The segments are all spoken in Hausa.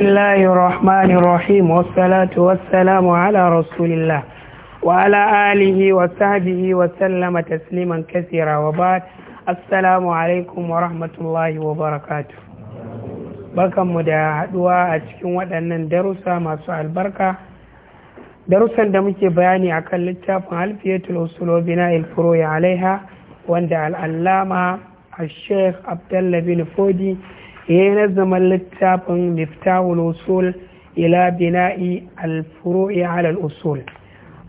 billahi rahmani rasulillah wa ala wa sallama tasliman kathira wa ba'd assalamu alaikum wa rahmatullahi wa barakatuh barkan mu da haduwa a cikin waɗannan darussa masu albarka darussan da muke bayani akan littafin alfiyatul usul bina il furuya wanda al-allama al-sheikh abdullah bin fodi ya zaman littafin miftahul usul ila bina'i al ala usul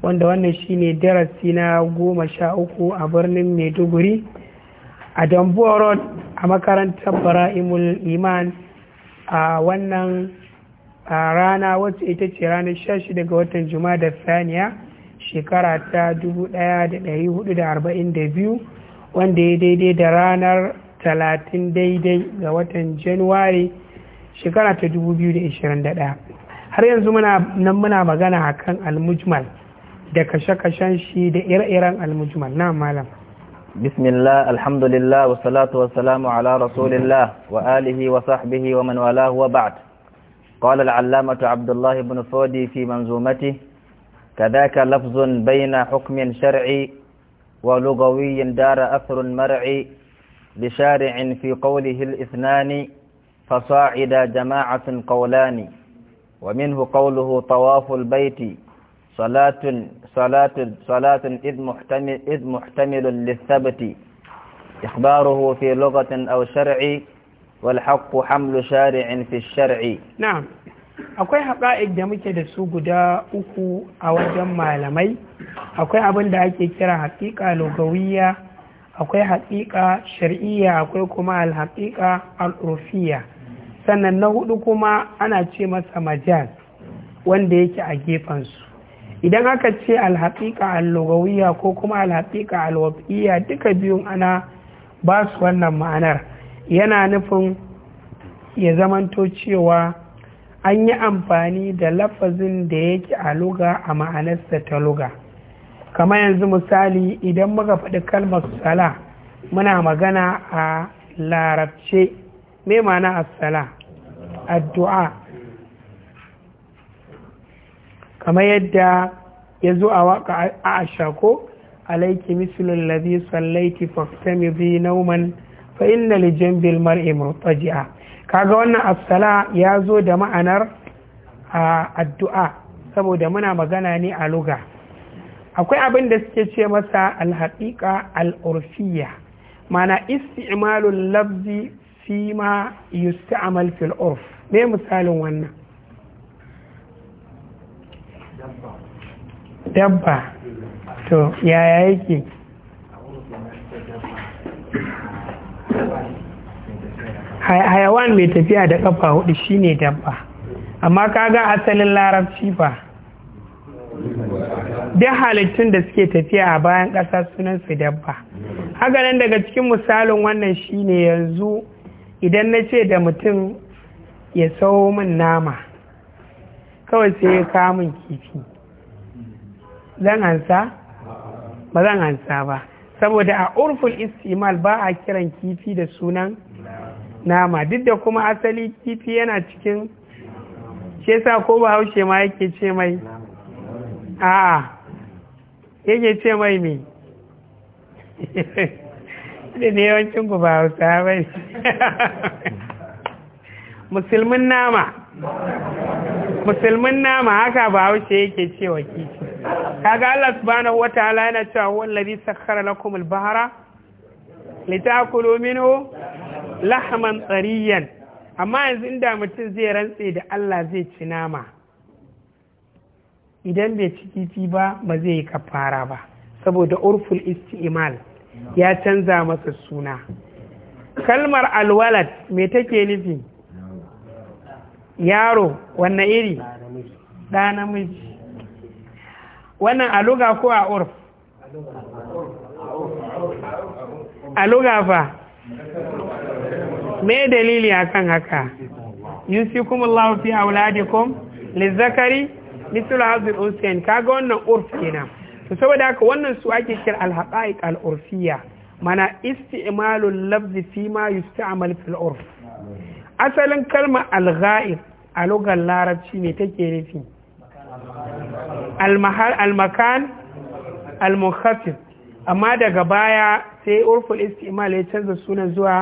wanda wannan shine darasi na goma sha uku a birnin maiduguri a dambuwa road a makarantar bara'imul iman a wannan rana wacce ita ce ranar shashi shida ga watan juma'a da saniya shekara ta 1442 wanda ya daidai da ranar talatin daidai ga watan januwari shekara ta 2021 har yanzu nan muna magana a kan almujmal da kashe-kashen shi da ire-iren almujmal na malam bismillah alhamdulillah wa salatu wa salamu ala rasulillah wa alihi wa sahbihi wa man walahu wa ba'd قال العلامة عبد الله بن فودي في منظومته كذاك لفظ بين حكم شرعي ولغوي دار أثر مرعي بشارع في قوله الاثنان فصاعدا جماعة قولان ومنه قوله طواف البيت صلاة صلاة صلاة إذ محتمل إذ محتمل للثبت إخباره في لغة أو شرع والحق حمل شارع في الشرع نعم akwai حقائق da muke da su guda uku a wajen malamai akwai abin da ake kira haƙiƙa akwai haƙiƙa shar'iyya akwai kuma alhaƙiƙa al'urfiya sannan na hudu kuma ana ce masa majaz wanda yake a gefensu idan aka ce alhaƙiƙa allogawiya ko kuma alhaƙiƙa alwafiya duka biyun ana ba su wannan ma'anar yana nufin ya zamanto cewa an yi amfani da lafazin da yake a luga a ma'anarsa ta luga kamar yanzu misali idan muka faɗi kalmar sala muna magana a larabce mai mana Sala. addu'a kamar yadda ya zo a waka a ashako alaiki mislul ladhi sallaiti faktami zai nauman fa inna li jambil kaga wannan assala ya zo da ma'anar a addu'a saboda muna magana ne a lugar akwai abin da suke ce masa alhaƙiƙa al'urfiya mana isti'malul labzi fi ma yusta'mal fil urf me misalin wannan dabba to yaya yake hayawan mai tafiya da kafa hudu shine dabba amma kaga asalin larabci ba. duk halittun da suke tafiya a bayan ƙasa sunansu dabba haka nan daga cikin misalin wannan shine yanzu idan na ce da mutum ya sau min nama kawai sai ya kamun kifi zan ansa ba zan ansa ba saboda a urful istimal ba a kiran kifi da sunan nama duk da kuma asali kifi yana cikin shi ko ba haushe ma yake ce mai a'a yake ce mai me da ne yawancin ku ba hausa ba musulmin nama musulmin nama haka ba haushe yake cewa kici kaga Allah subhanahu wataala yana cewa wallazi sakhkhara lakum al-bahra litakulu minhu lahman tariyan amma yanzu inda mutum zai rantse da Allah zai ci nama idan bai ci titi ba ba zai yi kafara ba saboda urful isti'mal ya canza masa suna kalmar alwalad me take nufi yaro wannan iri Da namiji wannan aluga ko a urf aluga fa me dalili akan haka yusikumullahu fi auladikum lizakari mithlu hazil usain kaga wannan urf kenan to saboda haka wannan su ake kira al haqaiq al urfiya mana isti'malul lafzi fi ma yusta'mal fil urf asalin kalma al ghaib a lugar larabci ne take nufi al mahal al makan al mukhaffif amma daga baya sai urful isti'mal ya canza sunan zuwa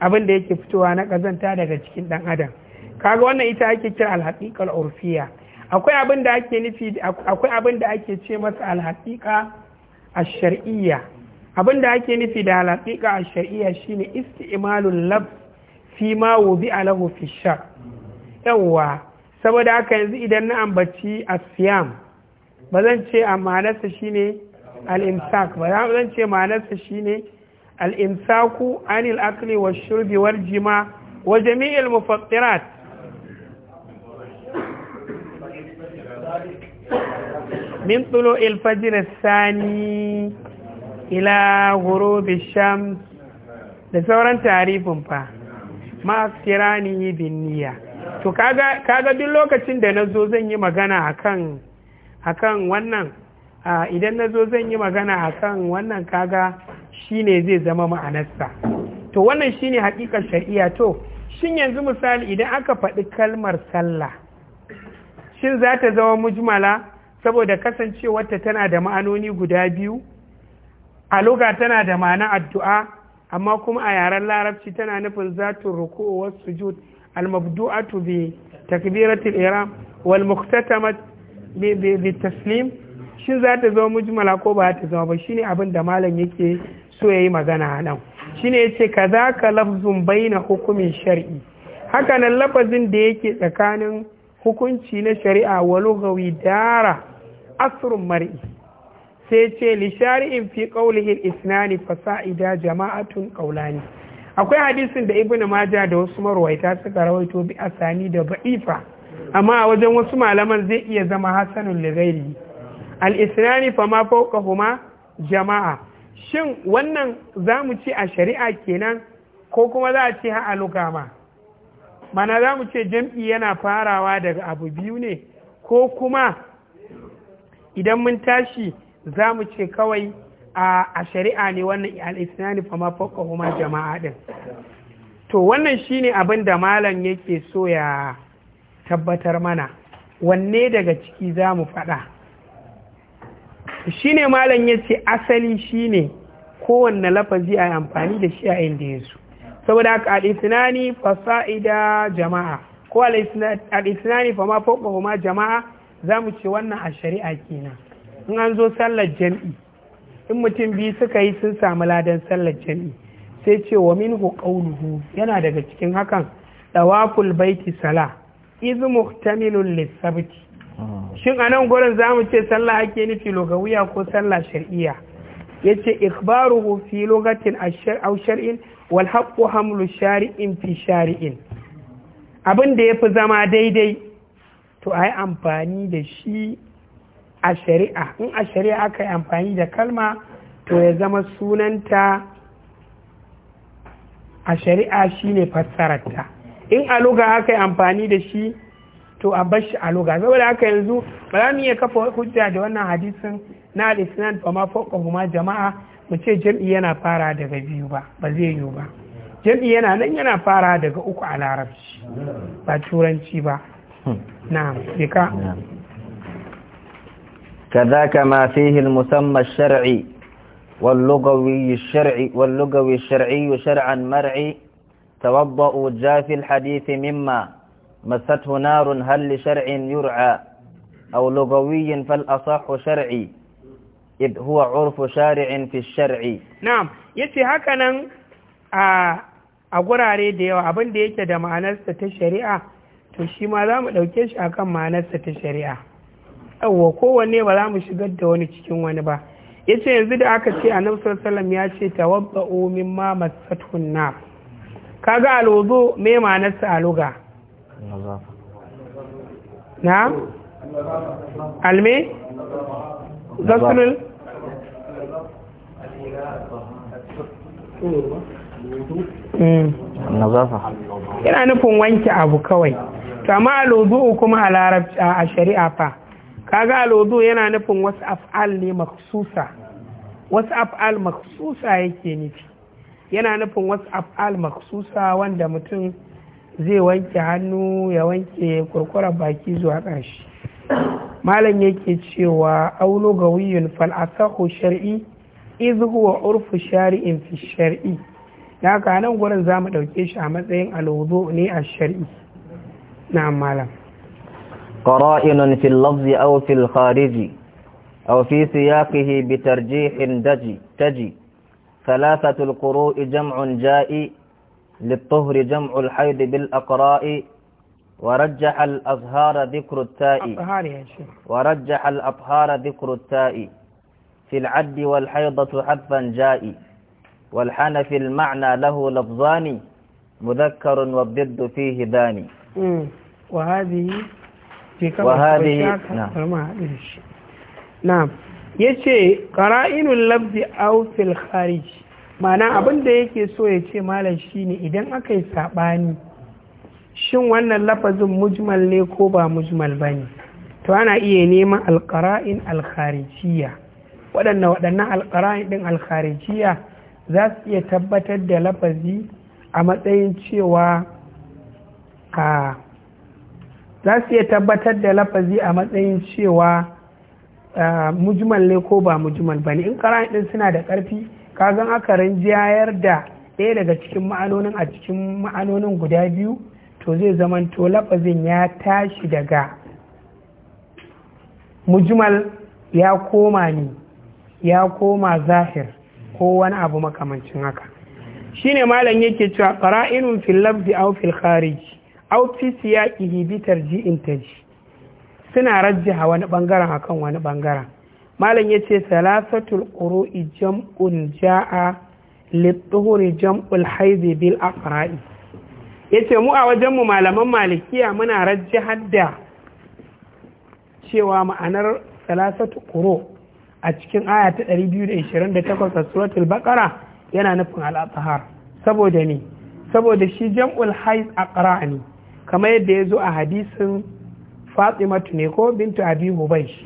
abin da yake fitowa na kazanta daga cikin dan adam kaga wannan ita ake kira al haqiqal urfiya akwai abin da ake nufi akwai abin da ake ce masa alhaƙiƙa a abin da ake nufi da alhaƙiƙa a shari'a shine isti'malul lab fi ma wubi alahu fi shar yawwa saboda haka yanzu idan na ambaci asiyam ba zan ce a ma'anarsa shine al-imsak ba zan ce ma'anarsa shine al-imsaku anil akli wa shurbi wal jima wa jami'il mufattirat min tulo ilfajir sani ila gurubi shams da sauran tarifin fa ma kirani to kaga kaga duk lokacin da nazo zan yi magana akan akan wannan idan nazo zan yi magana akan wannan kaga shine zai zama ma'anarsa to wannan shine haƙiƙar shari'a to shin yanzu misali idan aka faɗi kalmar sallah shin za ta zama mujmala saboda kasancewarta tana da ma'anoni guda biyu a loga tana da ma'ana addu'a amma kuma a yaren larabci tana nufin zatun ruku'u wasu sujud al bi takbiratul ihram wal muqtatamat bi taslim shin za ta zama mujmala ko ba ta zama ba shine abin da malam yake so yayi magana nan shine yace kazaka lafzun baina hukumin shar'i haka nan lafazin da yake tsakanin hukunci na shari'a wa lugawi dara asrun mar'i sai ce li shari'in fi qawlihi isnani fasa'ida jama'atun qawlani akwai hadisin da ibnu maja da wasu marwaita suka rawaito bi asani da ba'ifa amma a wajen wasu malaman zai iya zama hasanun li ghairi al isnani fa ma fawqahuma jama'a shin wannan zamu ci a shari'a kenan ko kuma za a ce ha a lugama mana za mu ce jam'i yana farawa daga abu biyu ne ko kuma idan mun tashi za mu ce kawai a shari'a ne wannan al'isinani fama fokka kuma jama'a ɗin to wannan ne abin da malam yake so ya tabbatar mana wanne daga ciki za mu faɗa ne malam ya ce asali ne, kowanne lafazi a amfani da shi a inda ya saboda haka al-ithnani sa'ida jama'a ko al-ithnani fa ma fawqa ma jama'a zamu ce wannan a shari'a kenan in an zo sallar jami'i in mutum biyu suka yi sun samu ladan sallar jami'i sai ce wa minhu qawluhu yana daga cikin hakan dawaful baiti sala iz muhtamilun lisabti shin anan gurin za ce sallah ake nufi logawiya ko sallah shar'iyya yace ce fi lugatin ashar au shar'in wal haqqu hamlu shari'in fi shari'in abin da fi zama daidai to ai amfani da shi a shari'a in a shari'a aka yi amfani da kalma to ya zama sunanta a shari'a shine fassararta in a luga aka yi amfani da shi to a bashi a luga saboda haka yanzu ba za mu iya kafa hujja da wannan hadisin na al-isnan fa ma fawqahu ma jama'a muce ce jam'i yana fara daga biyu ba ba zai yiwu ba jam'i yana nan yana fara daga uku a larabci ba turanci ba na'am bika كذاك ما فيه المسمى الشرعي واللغوي الشرعي واللغوي الشرعي شرعا مرعي توضأوا جاف الحديث مما مسته نار هل لشرع يرعى أو لغوي فالأصح شرعي id huwa urfu shari'in fi shar'i na'am yace haka nan a a gurare da yawa abin da yake da ma'anarsa ta shari'a to shi ma za mu ɗauke shi akan ma'anarsa ta shari'a yawwa kowanne ba za mu shigar da wani cikin wani ba yace yanzu da aka ce annabi sallallahu ya ce tawabba'u mimma massatun nar kaga alwudu me ma'anarsa a lugha na alme yana hmm. nufin wanke abu kawai kama alodu kuma a larabci a shari'a fa kaga alodu yana nufin wasu af'al ne maksusa wasu af'al maksusa yake nufi yana nufin wasu af'al maksusa wanda mutum zai wanke hannu ya wanke kurkurar baki zuwa ƙarshe malam yake cewa aulo ga wiyun fal'asahu shar'i izu huwa urfu shari'in fi shari'i da haka nan gurin za mu ɗauke shi a matsayin alwuzo ne a shari'i na malam قرائن في اللفظ أو في الخارج أو في سياقه بترجيح دجي تجي ثلاثة القروء جمع جائي للطهر bil الحيض بالأقراء ورجح الأظهار ذكر التاء ورجح الأطهار ذكر التاء في العد والحيضة حذفا جاء والحنفي المعنى له لفظان مذكر والضد فيه ذاني وهذه في كما وهذه نعم نعم يشي قرائن اللفظ أو في الخارج ma'ana abin da yake so ya ce malam shine idan aka shin wannan lafazin mujmal ne ko ba mujmal ba ne to ana iya neman alƙara'in alkharijiya waɗannan waɗannan alƙara'in ɗin alkharijiya za su iya tabbatar da lafazi a matsayin cewa a za su iya tabbatar da lafazi a matsayin cewa mujmal ne ko ba mujmal ba ne in ƙara'in ɗin suna da ƙarfi kazan aka rinjayar da ɗaya daga cikin ma'anonin a cikin ma'anonin guda biyu to zai zamanto lafazin ya tashi daga mujmal ya koma ne ya koma zahir ko wani abu makamancin haka Shi ne malam yake cewa qara'inun fil lafzi aw fil kharij aw fi siyaqihi bi tarji'in taji suna rajjaha wani bangaren akan wani bangaren malam yace salasatul qurui jam'un ja'a lit-tuhuri jam'ul haidhi bil afra'i yace mu a wajenmu malaman malikiya muna rajji hadda cewa ma'anar salasatu quru a cikin aya ta 228 a suratul baqara yana nufin al-athhar saboda ne saboda shi jam'ul haiz ƙara ne kamar yadda ya zo a hadisin fatimatu ne ko bintu abi hubaysh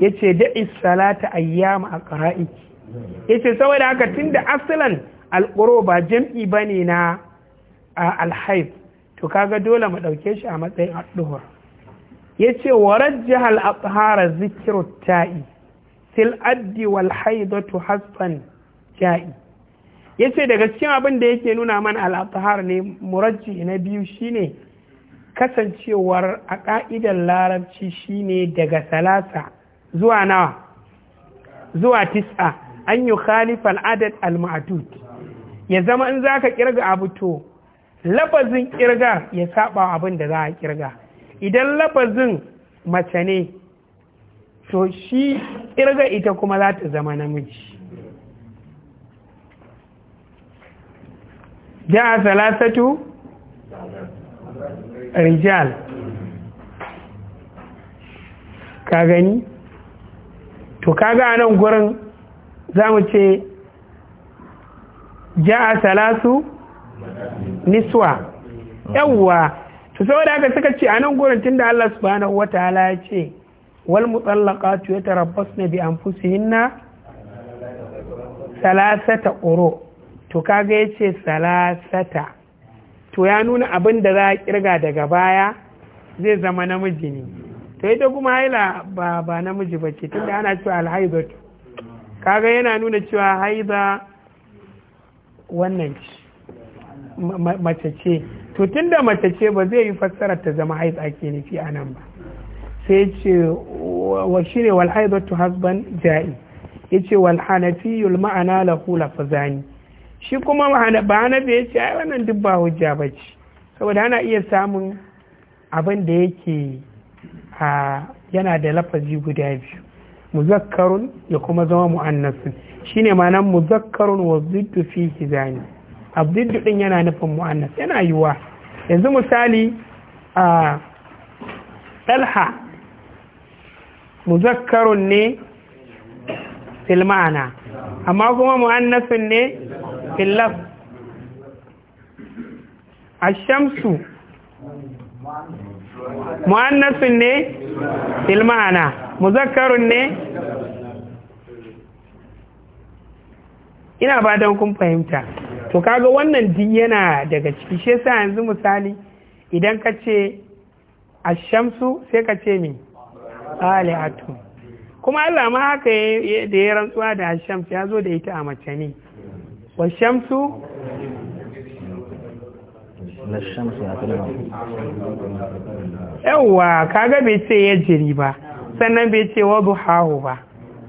yace da'i salata ayyama aqra'iki yace saboda haka da asalin al ba jam'i bane na alhaif to kaga dole mu ɗauke shi a matsayin addu'ar ya ce wa rajjahal athara zikiru ta'i sil addi wal haidatu hasfan ja'i ya ce daga cikin abin da yake nuna mana al'adhar ne murajji na biyu shine kasancewar a ka'idar larabci shine daga salasa zuwa nawa zuwa tis'a an yi khalifal adad al-ma'dud ya zama in zaka kirga abu to lafazin kirga ya saba abin da za a kirga idan lafazin mace ne to shi kirga ita kuma za ta zama namiji a salasatu rijal ka gani to kaga nan gurin za mu ce a salasu niswa yawwa to saboda haka suka ce anan nan gurin tunda Allah subhanahu wataala ya ce wal mutallaqatu yatarabbasna bi anfusihinna salasata quru to kaga yace salasata to ya nuna abin da za a kirga daga baya zai zama namiji ne to ita kuma haila ba ba namiji ce tunda ana cewa alhaidatu kaga yana nuna cewa haida wannan ce mace ce to tunda mace ce ba zai yi fassarar ta zama haiz ake nufi a nan ba sai ce wa shine wal haidatu hasban ja'i yace wal yul ma'ana lahu lafzani shi kuma ba ya yace ai wannan duk ba hujja bace saboda ana iya samun abin da yake a yana da lafazi guda biyu muzakkarun ya kuma zama mu'annasin shine ma'anar muzakkarun wa ziddu fi zani abdiddu din yana nufin mu'annas yana yiwuwa yanzu misali a talha muzakkarun ne fil ma'ana amma kuma mu'annasun ne fil laf ash-shamsu mu'annasun ne fil ma'ana muzakkarun ne ina ba don kun fahimta to kaga wannan duk yana daga ciki shi yasa yanzu misali idan ka ce ashamsu sai ka ce mi kuma Allah ma haka da ya rantsuwa da ashamsu ya zo da ita a mace ne wa shamsu kaga bai ce ya jiri ba sannan bai ce wa buhahu ba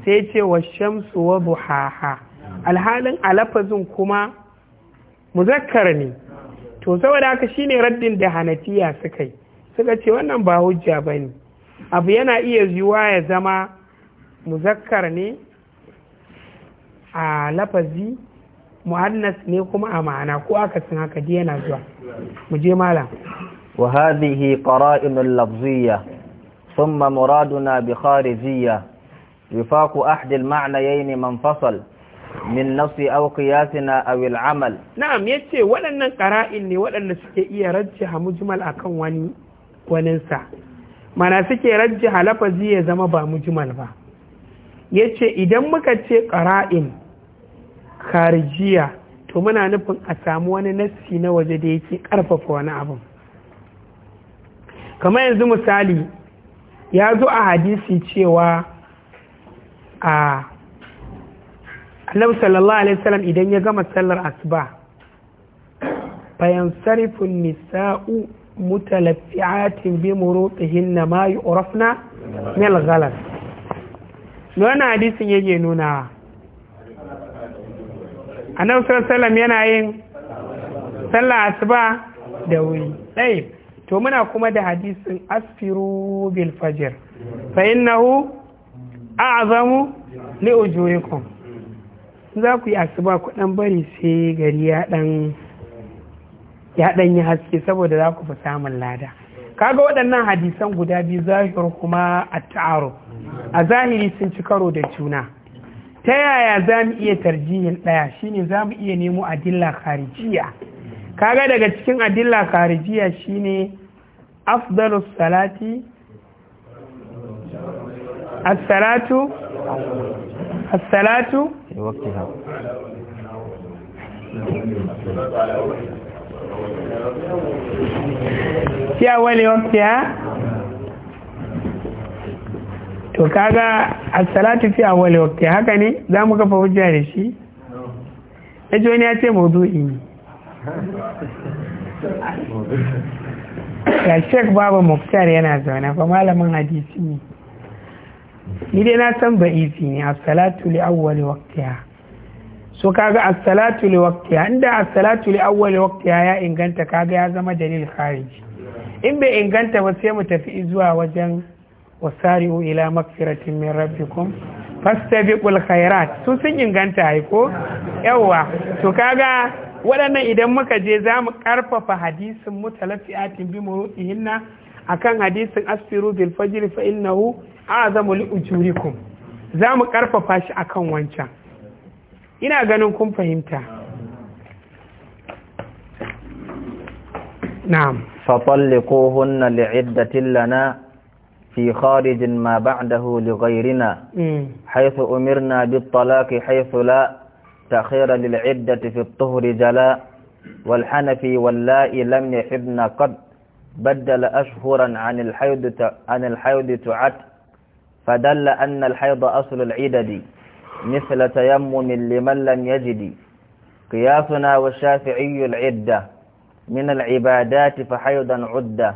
sai ce wa shamsu wa buhaha alhalin alafazin kuma muzakkar ne to saboda haka shine raddin da hanafiya suka yi suka ce wannan ba hujja ba ne abu yana iya yiwuwa ya zama muzakkar ne a lafazi mu'annas ne kuma a ma'ana ko aka san haka dai yana zuwa mu je malam wa hadhihi qara'inul lafziyya thumma muraduna bi kharijiyya wifaqu ahdi al-ma'nayayn manfasal min nafsi aw qiyasina aw al-amal na'am yace waɗannan qara'in ne waɗanda suke iya rajjaha mujmal akan wani wanin sa mana suke rajjaha lafazi ya zama ba mujmal ba yace idan muka ce qara'in kharijiya to muna nufin a samu wani nassi na waje da yake karfafa wani abu kamar yanzu misali ya zo a hadisi cewa a annabi sallallahu alaihi wasallam idan ya gama sallar asuba bayan sarifin nisa'u mutalaffi'atin bi murutihinna ma yu'rafna min al-ghalas wannan hadisin yake nuna annabi sallallahu alaihi wasallam yana yin sallar asuba da wuri ɗaya to muna kuma da hadisin asfiru bil fajr fa innahu a'zamu li ujurikum za ku yi asuba ku dan bari sai gari ya dan ya yi haske saboda za ku fi samun lada kaga waɗannan hadisan guda biyu zahir kuma a ta'aro a zahiri sun ci karo da juna ta yaya za mu iya tarjihin ɗaya shine za mu iya nemo adilla kharijiya kaga daga cikin adilla kharijiya shine afdalus salati as-salatu Asalatu salatu waqtiha fi awwali waqtiha to kaga as-salatu fi awwali waqtiha haka ne za mu kafa hujja da shi ejo ne ya ce mawdu'i ne ya shek baba muftar yana zaune fa malamin hadisi ne ni dai na san isi ne a salatu li awwali waqtiha so kaga a salatu li waqtiha inda a salatu li awwali waqtiha ya inganta kaga ya zama dalil khariji in bai inganta ba sai mu tafi zuwa wajen wasari'u ila magfiratin min rabbikum fastabiqul khairat su sun inganta ai ko yawa to kaga waɗannan idan muka je za mu ƙarfafa hadisin mutalafi'atin bi muru'ihinna akan hadisin asfiru bil fajr fa innahu azamu li ujurikum za mu karfafa shi akan wancan ina ganin kun fahimta فطلقوهن لعدة لنا في خارج ما بعده لغيرنا حيث أمرنا بالطلاق حيث لا تخير للعدة في الطهر جلاء والحنفي واللائي لم يحبنا قد بدل أشهرا عن الحيض عن الحيض تعد فدل أن الحيض أصل العدد مثل تيمم لمن لم يجد قياسنا والشافعي العدة من العبادات فحيضا عدة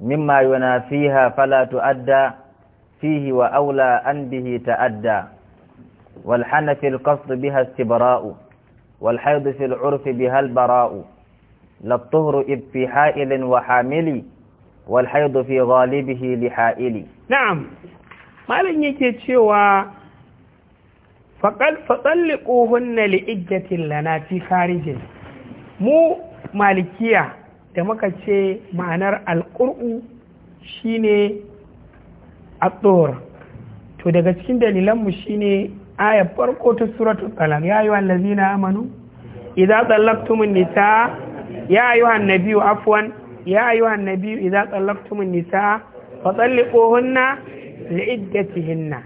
مما ينافيها فلا تؤدى فيه وأولى أن به تأدى في القصد بها استبراء والحيض في العرف بها البراء لا الطهر إذ في حائل وحامل والحيض في غالبه لحائل نعم malam yake cewa faƙalliƙohunna li'ijjatin lana fi kharijin mu malikiya da muka ce ma'anar alƙur'u shine tsohon. to daga cikin dalilanmu shine aya farko ta suratul qalam ya ayyuhal ladzina amanu idza tallaqtumun nisa ya ayyuhan nabiyyu afwan ya ayyuhan nabiyyu idza tallaqtumun nisa fatalliquhunna li'iddatihinna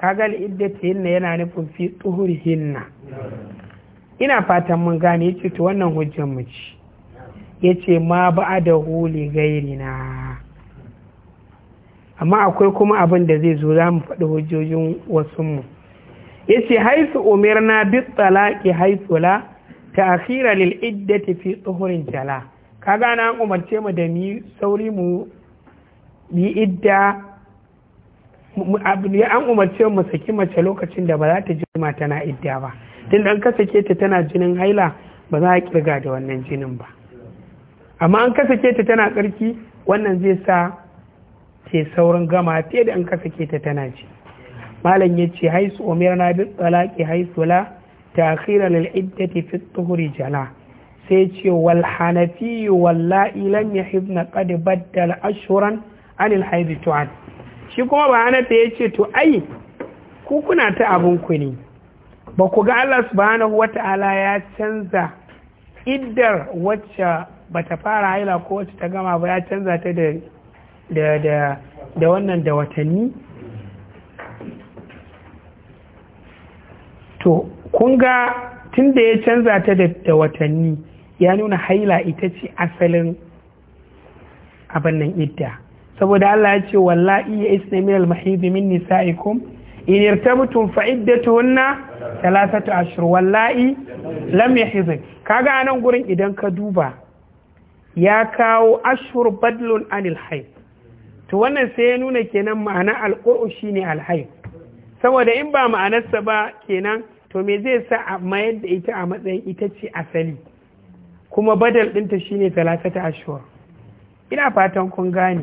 kaga li'iddatihinna yana nufin fi tuhurihinna ina fatan mun gane yace to wannan hujjar mu ce yace ma ba'ada huli gairina amma akwai kuma abin da zai zo zamu mu faɗi hujjojin wasu mu yace haisu umirna bi talaqi haisu la ta'khira lil iddati fi tuhurin jala kaga na umarce mu da mi sauri mu bi idda an umarce mu saki mace lokacin da ba za ta jima tana idda ba tun da an ka sake ta tana jinin haila ba za a kirga da wannan jinin ba amma an ka sake ta tana tsarki wannan zai sa ke saurin gama fiye da an ka sake ta tana ji malam ya ce haisu na bi talaqi haisu la ta'khira lil iddati fi tuhuri jala sai ce wal hanafi wallahi lam yahibna qad baddala ashuran anil haidi tu'ad shi kuma ba hanafi ya ce to ai ku kuna ta abinku ne ba ku ga Allah subhanahu wata'ala ya canza iddar wacce ba ta fara haila ko wacce ta gama ba ya canza ta da wannan da watanni to kun ga tun ya canza ta da watanni ya nuna haila ita ce asalin abin nan idda saboda Allah ya ce wallahi ya isna min al-mahid min nisaikum in irtabtum fa iddatuhunna thalathatu ashhur wallahi lam yahid kaga anan gurin idan ka duba ya kawo ashhur badlun anil hayd to wannan sai ya nuna kenan ma'ana al-qur'u shine al-hayd saboda in ba ma'anarsa ba kenan to me zai sa a mayar da ita a matsayin ita ce asali kuma badal ɗinta shine talatata ashur ina fatan kun gane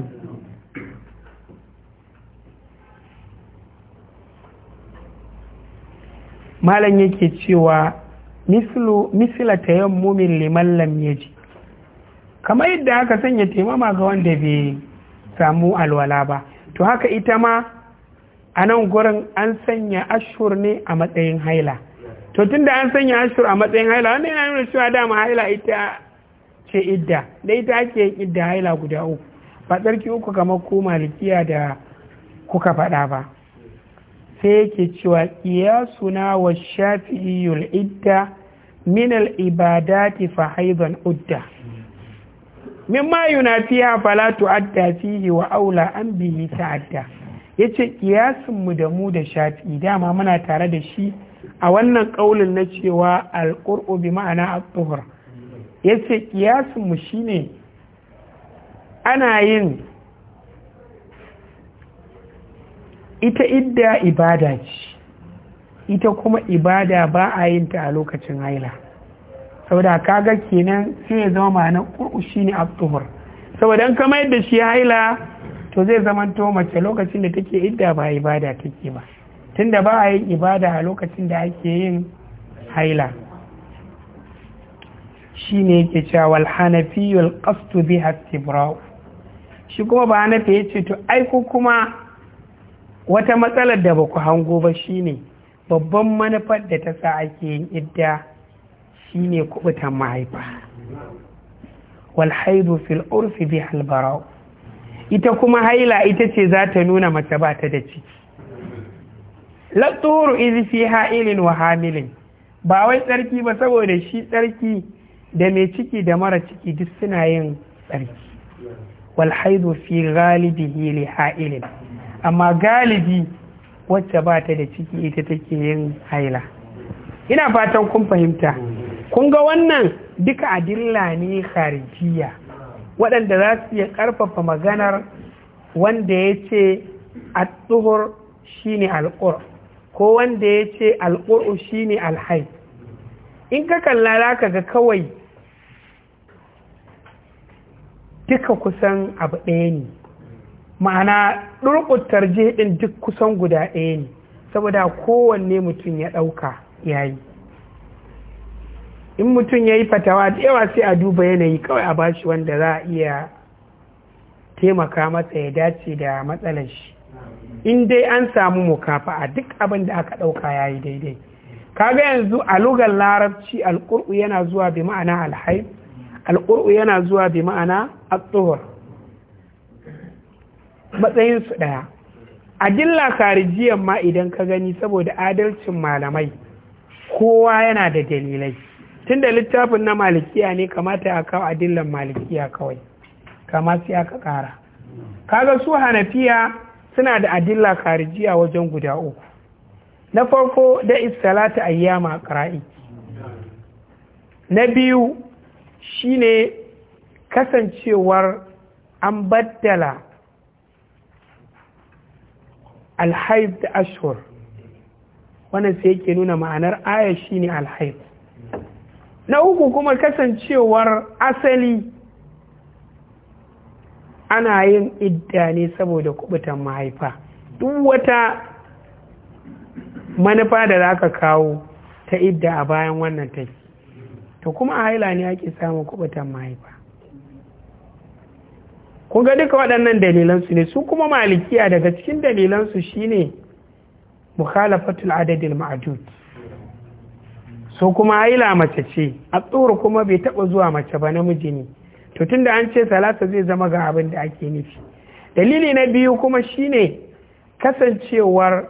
malam yake cewa misila ta yan mumin liman lam kamar yadda aka sanya taimama ga wanda bai samu alwala ba to haka ita ma a nan gurin an sanya ashur ne a matsayin haila to tunda an sanya ashur a matsayin haila wanda yana nuna cewa dama haila ita ce idda da ita ake yin idda haila guda uku ba tsarki uku kamar ko malikiya da kuka faɗa ba sai yake cewa qiyasuna wa shafi'iyul idda min al ibadati fa haidan udda mimma yunafiha fala tu'adda fihi wa aula an bihi ta'adda yace kiyasin mu da mu da shafi'i dama muna tare da shi a wannan kaulin na cewa al-qur'u bi ma'ana at-tuhur yace kiyasin mu shine ana yin ita idda ibada ce ita kuma ibada ba a yin ta a lokacin haila saboda kaga kenan sai ya zama ma'ana ƙur'u shine abtuhur saboda in kama yadda shi haila to zai zama to mace lokacin da take idda ba ibada take ba tunda ba a yin ibada a lokacin da ake yin haila shi ne yake cewa alhanafi yul qastu biha istibra'u shi kuma ba hanafi yace to ai kuma wata matsalar da ba ku hango ba shine babban manufar da ta sa ake yin idda shine kubutan mahaifa Walhaizu fil urfi bi halbarau ita kuma haila ita ce za ta nuna mace ba ta da ciki latsuru izi fi ha'ilin wa hamilin ba wai tsarki ba saboda shi tsarki da mai ciki da mara ciki duk suna yin tsarki walhaidu fi galibi li ha'ilin amma galibi wacce ba ta da ciki ita take yin haila ina fatan kun fahimta kun ga wannan duka adilla ne kharijiya waɗanda za su iya ƙarfafa maganar wanda ya ce al-tuhur shine al-qur ko wanda ya ce al-qur shine al in ka kalla za ka ga kawai duka kusan abu ɗaya ne ma'ana ɗurƙut tarjih ɗin duk kusan guda ɗaya ne saboda kowanne mutum ya ɗauka ya yi in mutum ya yi fatawa da yawa sai a duba yanayi kawai a ba shi wanda za a iya taimaka masa ya dace da matsalar shi in dai an samu a duk abin da aka ɗauka ya yi daidai ga yanzu a lugar larabci alƙur'u yana zuwa bi ma'ana alhaib alƙur'u yana zuwa bi ma'ana at matsayinsu ɗaya adilla kharijiyar ma idan ka gani saboda adalcin malamai kowa yana da dalilai tunda littafin na malikiya ne kamata ya kawo adillan malikiya kawai kama sai aka kara kaga su hanafiya suna da adilla kharijiya wajen guda uku na farko da istalata ayyama qira'i na biyu shine kasancewar an baddala Alhaif da ashur wannan sai yake nuna ma'anar aya shine Alhaif. na uku kuma kasancewar asali ana yin idda ne saboda kubutan mahaifa duk wata manufa da za ka kawo ta idda a bayan wannan take to kuma a haila ne ake samun kubutan mahaifa kun ga duka waɗannan dalilansu ne su kuma malikiya daga cikin dalilansu shine mukhalafatul adadin ma'adud, so kuma haila mace ce a tsoro kuma bai taɓa zuwa mace ba namiji ne to tun da an ce salasa zai zama ga abin da ake nufi dalili na biyu kuma shine kasancewar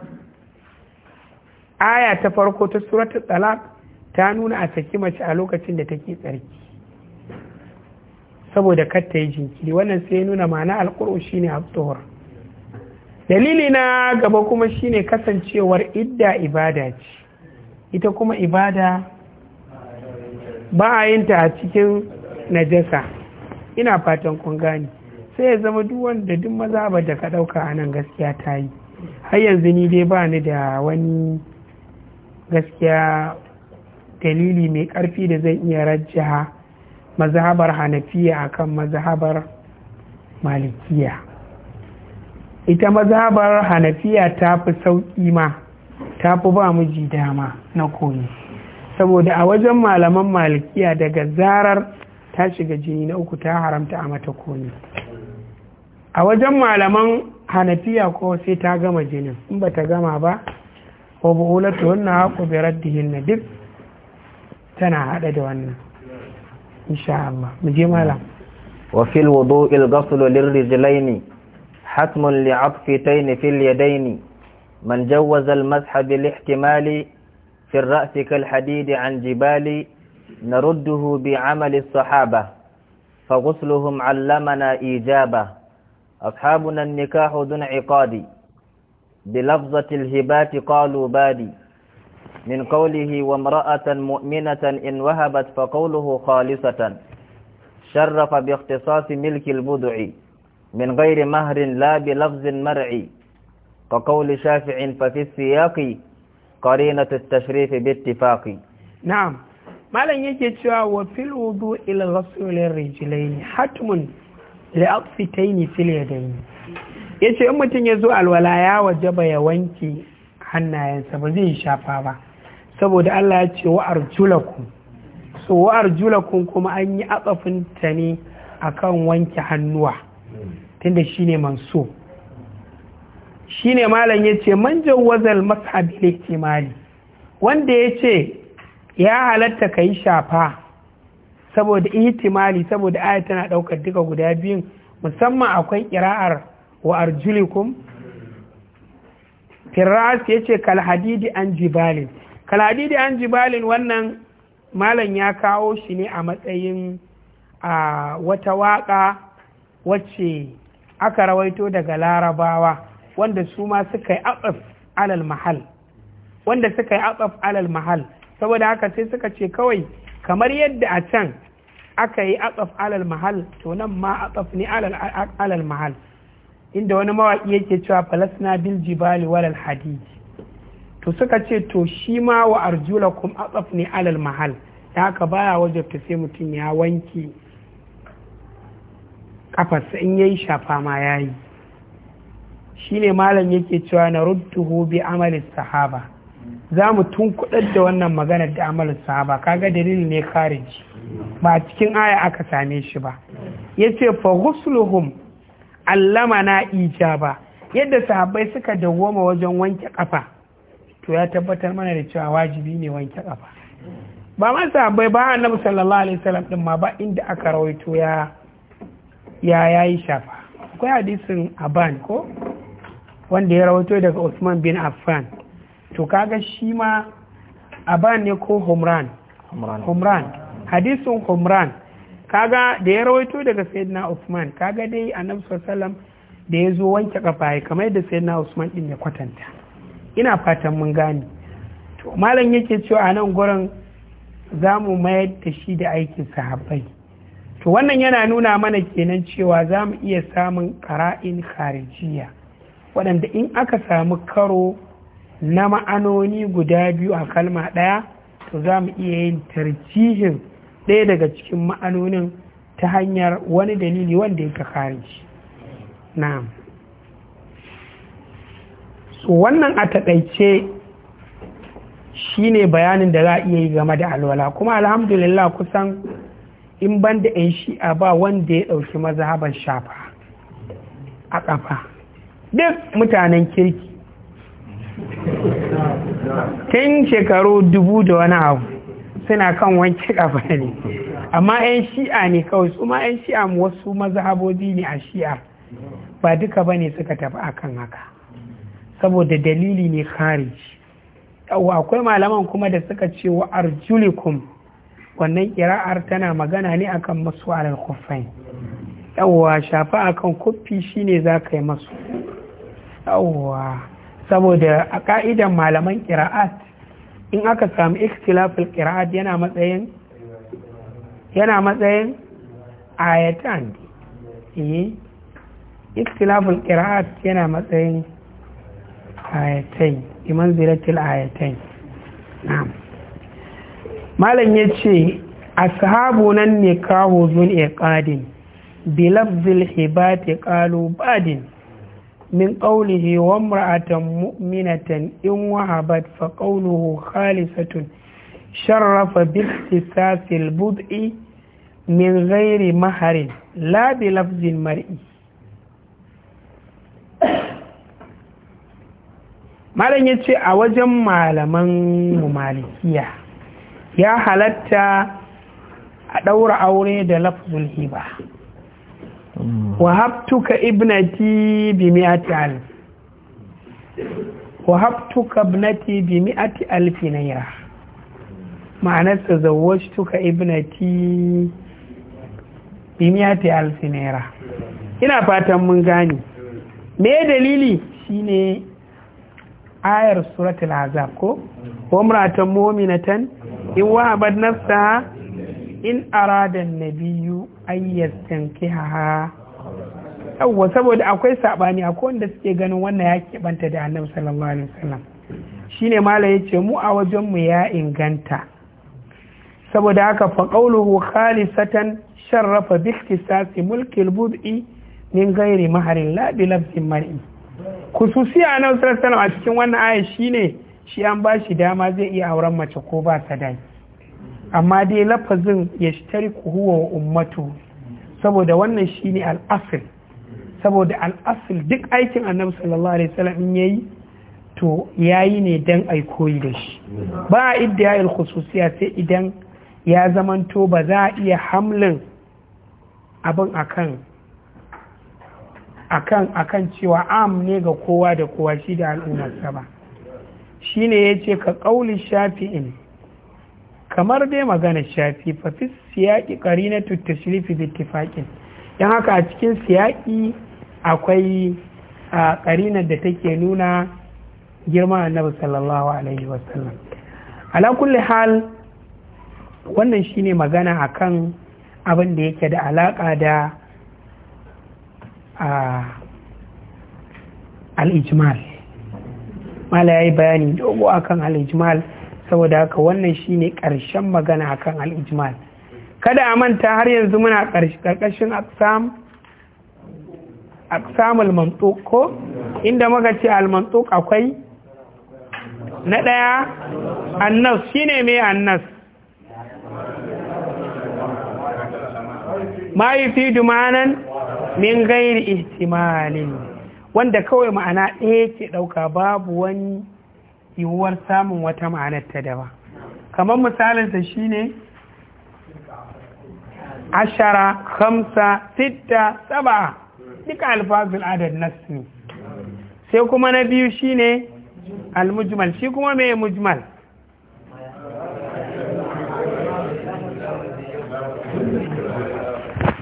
aya ta farko ta suratul tsala ta nuna a saki mace a lokacin da take tsarki saboda katta yi jinkiri wannan sai nuna ma'ana alƙur'u shine abtuhur dalili na gaba kuma shine kasancewar idda ibada ce ita kuma ibada ba a yin ta a cikin najasa ina fatan kun gani sai ya zama duwan da duk maza ba da ka ɗauka a nan gaskiya ta yi har yanzu ni dai ba ni da wani gaskiya dalili mai ƙarfi da zan iya rajjaha mazhabar hanafiya akan mazhabar malikiya ita mazhabar hanafiya ta fi sauƙi ma ta fi ba miji dama na koyi saboda a wajen malaman malikiya daga zarar ta shiga jini na uku ta haramta a mata koyi a wajen malaman hanafiya ko sai ta gama jinin in ba ta gama ba wa bu'ulatu wannan haƙo bi raddihin na duk tana haɗa da wannan ان شاء الله نجي مالا وفي الوضوء الغسل للرجلين حتم لعطفتين في اليدين من جوز المسح بالاحتمال في الرأس كالحديد عن جبال نرده بعمل الصحابة فغسلهم علمنا ايجابا أصحابنا النكاح ذو انعقاد بلفظة الهبات قالوا بادي من قوله وامرأة مؤمنة إن وهبت فقوله خالصة شرف باختصاص ملك البدع من غير مهر لا بلفظ مرعي كقول شافع ففي السياق قرينة التشريف باتفاق نعم ما لن يجد شعر وفي الوضوء إلى غسل الرجلين حتم لأطفتين في اليدين yace in mutum ya zo alwala ya wajaba ya wanke hannayensa ba saboda Allah ya ce wa’ar julakun so wa’ar julakun kuma an yi atsafin ta ne akan wanke hannuwa tunda shine manso shine malam ya ce wazal jawwazal ce mali wanda ya ce ya halatta ka yi shafa saboda ihtimali saboda aya tana ɗaukar duka guda biyun musamman akwai kira'ar wa arjulikum firas ya ce kalhadidi an jibalin da an jibalin wannan malam ya kawo shi ne a matsayin a wata waƙa wacce aka rawaito daga larabawa wanda su ma suka yi atsaf alal mahal wanda suka yi atsaf alal mahal saboda haka sai suka ce kawai kamar yadda a can aka yi atsaf alal mahal to nan ma atsaf ne alal mahal inda wani mawaƙi yake cewa falasna bil jibali walal hadidi to suka ce to shi ma wa kum atsaf ne alal mahal da haka baya wajabta sai mutum ya wanke kafarsa in yayi shafa ma yayi ne malam yake cewa na rudduhu bi amali sahaba za mu tunkuɗar da wannan maganar da amalin sahaba kaga dalilin ne kariji ba cikin aya aka same shi ba yace fa ghusluhum allama na ijaba yadda sahabbai suka dawoma wajen wanke kafa to ya tabbatar mana da cewa wajibi ne wanke kafa ba ma sahabbai ba annabi sallallahu alaihi wasallam din ma ba inda aka rawaito ya ya yayi shafa akwai hadisin aban ko wanda ya rawaito daga Usman bin Affan to kaga shi ma aban ne ko Humran Humran hadisin Humran kaga da ya rawaito daga Sayyidina Usman kaga dai annabi sallallahu alaihi wasallam da ya zo wanke kafa kamar da Sayyidina Usman din ya kwatanta ina fatan mun gane to malam yake cewa a nan gurin za mu mayar da shi da aikin sahabbai to wannan yana nuna mana kenan cewa za mu iya samun kara'in kharijiya waɗanda in aka samu karo na ma'anoni guda biyu a kalma ɗaya to za mu iya yin tarjihin ɗaya daga cikin ma'anonin ta hanyar wani dalili wanda yake khariji na'am so wannan a shi shine bayanin da za a iya yi game da alwala kuma alhamdulillah kusan in ban da 'yan shi'a ba wanda ya ɗauki mazhaban shafa a ƙafa duk mutanen kirki tun shekaru dubu da wani abu suna kan wanke ƙafa ne amma 'yan shi'a ne kawai su ma 'yan shi'a wasu mazhabobi ne a shi'a ba duka ba ne suka tafi akan haka saboda dalili ne kharij akwai malaman kuma da suka ce wa arjulikum wannan kira'ar tana magana ne akan masu alal kuffain yawwa shafa akan kuffi shine za ka yi masu yawwa saboda a ka'idan malaman kira'at in aka samu ikhtilafil kira'at yana matsayin yana matsayin ayatan eh ikhtilafil kira'at yana matsayin ayatain iman ziratil ayatain na'am malam ya ce ashabu nan ne kawo zun iqadin bilafzil hibati qalu badin min qawlihi wa imra'atan mu'minatan in wahabat fa qawluhu khalisatun sharrafa bi ihtisasil bud'i min ghairi maharin la bilafzil mar'i malam ya ce a wajen malaman mu malikiya ya halatta a ɗaura aure da lafzul hiba wahabtuka ibnati bi mi'ati alf wahabtuka ibnati bi mi'ati naira tazawwajtuka ibnati bi mi'ati alf naira ina fatan mun gane me dalili shine ayar suratul azab ko umratan mu'minatan in wahabat nafsa in arada an-nabiyyu an yastankihaha yawwa saboda akwai sabani akwai wanda suke ganin wannan ya banta da annabi sallallahu alaihi wasallam shine mala yace mu a wajen mu ya inganta saboda haka fa qawluhu khalisatan sharrafa bi ikhtisasi mulki al-bud'i min ghairi maharin la bi lafzin mar'i kususiya na sallallahu a cikin wannan aya shine shi an ba shi dama zai iya auren mace ko ba ta dai amma dai lafazin ya shi huwa wa ummatu saboda wannan shi ne al'asir saboda al'asir duk aikin annabi sallallahu alaihi wasallam in yayi to yayi ne dan ai koyi da shi ba idda al khususiya sai idan ya zamanto ba za a iya hamlin abin akan akan akan cewa am ne ga kowa da kowa shi da al'ummarsa ba shi ne ya ce ka ƙauli shafi'in kamar dai magana shafi fa fi siyaƙi ƙarinatu tashrifi bittifaƙin don haka a cikin siyaƙi akwai a ƙarinar da take nuna girman annabi sallallahu alaihi wasallam ala kulli hal wannan shine magana akan abin da yake da alaƙa da a al'ijimal mala ya yi bayani dogo akan al'ijimal saboda haka wannan shine ƙarshen magana akan al'ijimal kada a manta har yanzu muna ƙarƙashin aksam al mantuk ko inda muka ce almantuk akwai na ɗaya annas ne mai annas ma yi fi dumanan min gairi ihtimalin wanda kawai ma'ana ɗaya ke ɗauka babu wani yiwuwar samun wata ma'anar ta daba kamar misalinsa shine ashara hamsa sitta saba'a duka alfazin adad ne, sai kuma na biyu shine almujmal shi kuma mai mujmal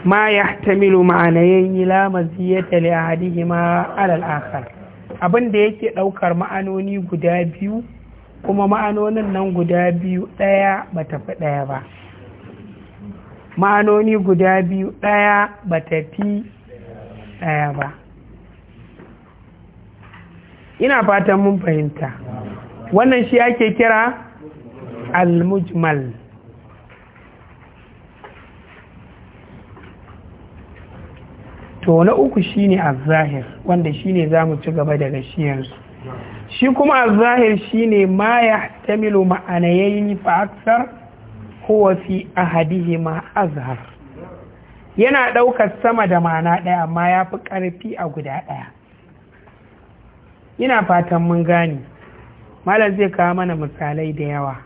ma yahtamilu معنيين لا maziyata li على alal abin da yake ɗaukar ma'anoni guda biyu kuma ma'anonin nan guda biyu ɗaya ba ta fi ɗaya ba ma'anoni guda biyu ɗaya ba ta fi ɗaya ba ina fatan mun fahimta wannan shi ake kira al-mujmal to na uku shine azahir wanda shine zamu ci gaba daga shi yanzu shi kuma azahir shine ma ya ma'anayaini fa aksar huwa fi ahadihima azhar yana ɗaukar sama da ma'ana ɗaya, amma ya fi ƙarfi a guda ɗaya. ina fatan mun gane malam zai kawo mana misalai da yawa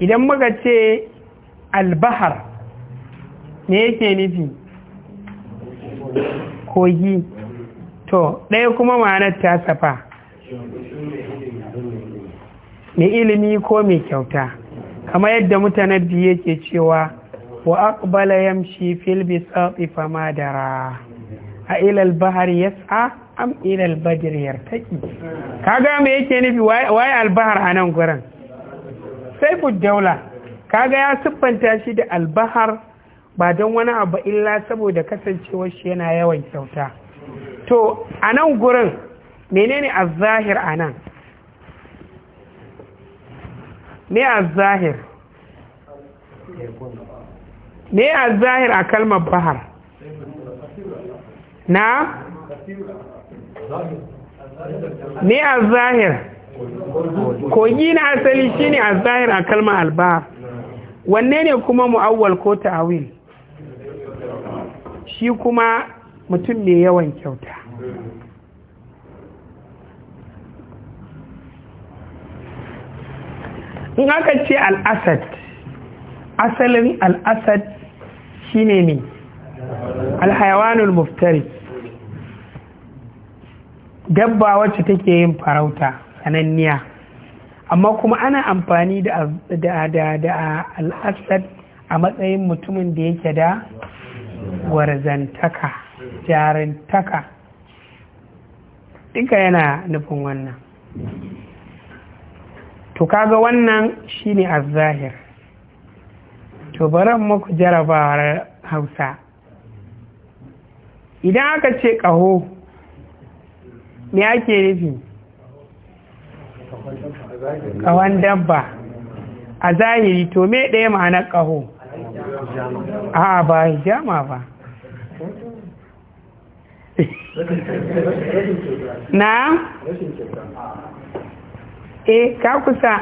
idan muka ce albahar me yake nufi kogi to ɗaya kuma ma'anar ta safa mai ilimi ko mai kyauta Kama yadda mutanen biyu ke cewa wa ya yamshi fil bisati fama dara a ilal bahar ya sa am ilal ya yartaki kaga mai yake nufi waye albahar a nan gurin sai daula kaga ya siffanta shi da albahar ba don wani abu illa saboda kasancewar shi yana yawan kyauta to a nan gurin menene zahir a nan me azzahir me zahir a kalmar bahar na me azzahir kogi na asali shine ne a kalmar albahar wanne ne kuma mu'awwal ko ta'awil shi kuma mutum mai yawan kyauta in aka ce al'asad asalin al'asad shine ne alhayawanul muftari dabba wacce take yin farauta sananniya amma kuma ana amfani da al'asad a matsayin mutumin da yake da gwarzantaka jarintaka duka yana nufin wannan to kaga wannan shine azzahir to bari muku jarabawar hausa idan aka ce ƙaho me ake nufi ƙahon dabba a zahiri to me ɗaya ma'anar ƙaho a ba hijama ba na? eh ka kusa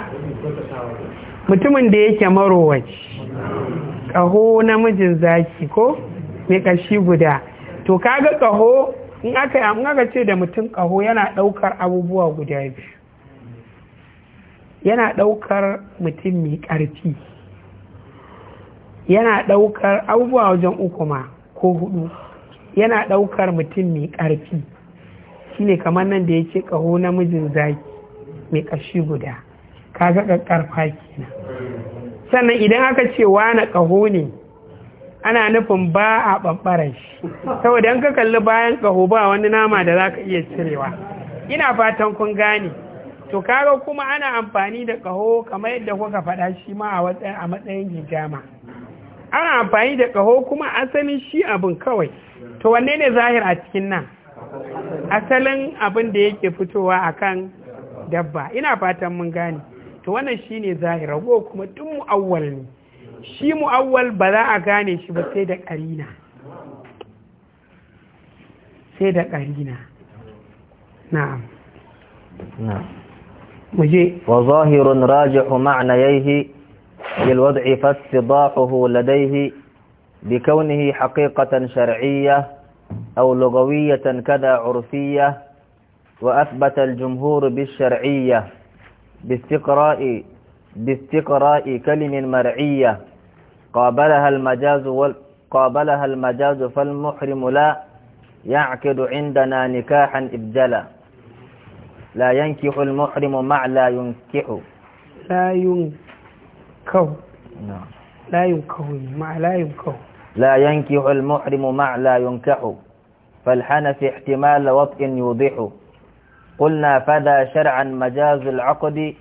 mutumin da yake marowaci ƙaho namijin zaki ko mai ƙashi guda to kaga ƙaho in aka yi aka ce da mutum ƙaho yana ɗaukar abubuwa guda biyu yana ɗaukar mutum mai ƙarfi yana ɗaukar abubuwa wajen uku ma ko hudu yana ɗaukar mutum mai ƙarfi shine kamar nan da ya ce kaho namijin zaki mai ƙashi guda ka ga ƙarfa kenan sannan idan aka ce na ƙaho ne ana nufin ba a ɓamɓarar shi saboda ka kalli bayan kaho ba wani nama da za ka iya cirewa ina fatan kun gane to kaga kuma ana amfani da ƙaho kamar yadda kuka faɗa shi ma a matsayin hijama ana amfani da ƙaho kuma asalin shi abin kawai to wanne ne zahir a cikin nan asalin abin da yake fitowa akan dabba ina fatan mun gane to wannan shi ne zahir rago kuma tun mu'awwal ne shi mu'awwal ba za a gane shi ba sai da ƙarina sai da ƙarina na'am na'am muje wa zahirun rajihu ma'nayaihi في الوضع فاستضاحه لديه بكونه حقيقة شرعية أو لغوية كذا عرفية وأثبت الجمهور بالشرعية باستقراء باستقراء كلم مرعية قابلها المجاز قابلها المجاز فالمحرم لا يعقد عندنا نكاحا إبجلا لا ينكح المحرم مع لا ينكح لا ينكح ينكه نعم. لا ينكه مع لا ينكه لا ينكح المحرم مع لا ينكح فالحنف احتمال وطئ يوضح قلنا فدا شرعا مجاز العقد